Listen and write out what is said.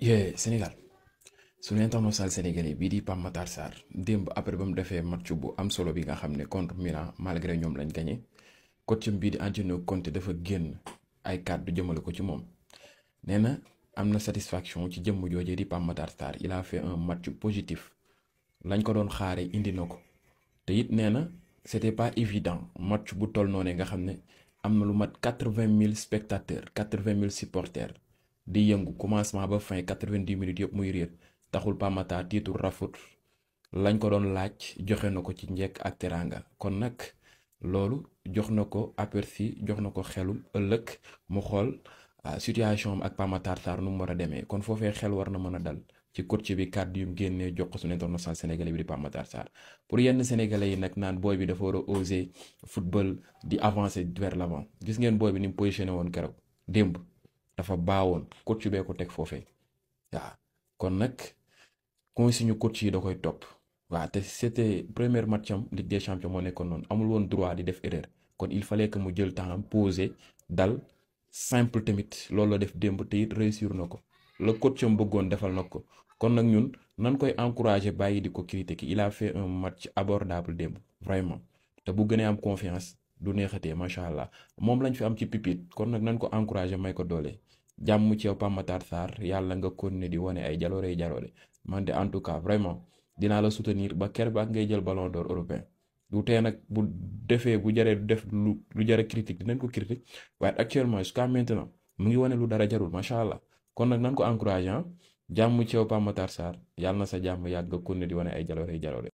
yee Sénégal suñu international sénégalais bii di Pape Matar Sarr démb après ba mu defee match bu am solo bi nga xam ne contre Milan malgré ñoom lañ gagné coach bii di Antonio Conte dafa génn ay kàddu jëmale ko ci moom nee na am na satisfaction ci jëmm joojee di Pape Matar Sarr il a fait un match positif lañ ko doon xaaree indi na ko te it nee na c'était pas évident match bu toll noonee nga xam ne am na lu mat quatre-vingt mille spectateurs quatre-vingt mille supporters. di yëngu commencement ba fin 90 minutes yëpp muy réer taxul Pamata tiitul rafut lañ ko doon laaj joxe na ko ci njekk ak teraanga kon nag loolu jox na ko aperçu jox na ko xelum ëllëg mu xool ah, situation ak Pamatar Sarr nu mu war a demee kon foofee xel war na mën a dal ci coach bi kàddu yu mu génnee jox ko suñu international sénégalais bi di Pamatar Sarr pour yenn sénégalais yi nag naan booy bi dafa war a oser football di avancer vers l'avant gis ngeen booy bi ni mu woon keroog démb. dafa baawoon coach bee ko teg foofee waaw kon nag consigne coach yi da koy topp waaw te c'était première match am Ligue des champions moo nekkoon noonu amul woon droit di def erreur kon il fallait que mu jël temps poser dal simple tamit loolu la def démb te it réussir na ko la coach am bëggoon defal na ko kon nag ñun nan koy encourager bàyyi di ko critiquer il a fait un match abordable démb vraiment te bu gënee am confiance. du neexatee macha allah moom lañ fi am ci pipit kon nag nañ ko encouragé may ko doole jàmm ci yow Pape Matar Sarr yàlla nga continuer di wane ay jaloore jaloore man de en tout cas vraiment dinaa la soutenir ba ker ba jël ballon d'or européen du tee nag bu defee bu jaree def lu lu jare critique dinañ ko critique waaye actuellement jusqu'à maintenant mu ngi wane lu dara jarul macha allah kon nag nañ ko encouragé ah jàmm ci yow Matar Sarr yàlla na sa jàmm yàgg nga continuer di wane ay jaloore jaloore